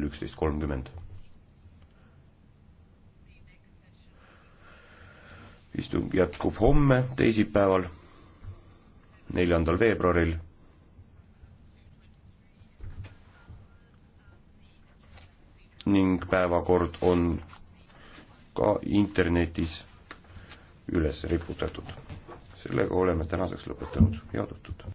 üksteist kolmkümmend. istung jätkub homme, teisipäeval, neljandal veebruaril. ning päevakord on ka internetis üles riputatud. sellega oleme tänaseks lõpetanud, head õhtut!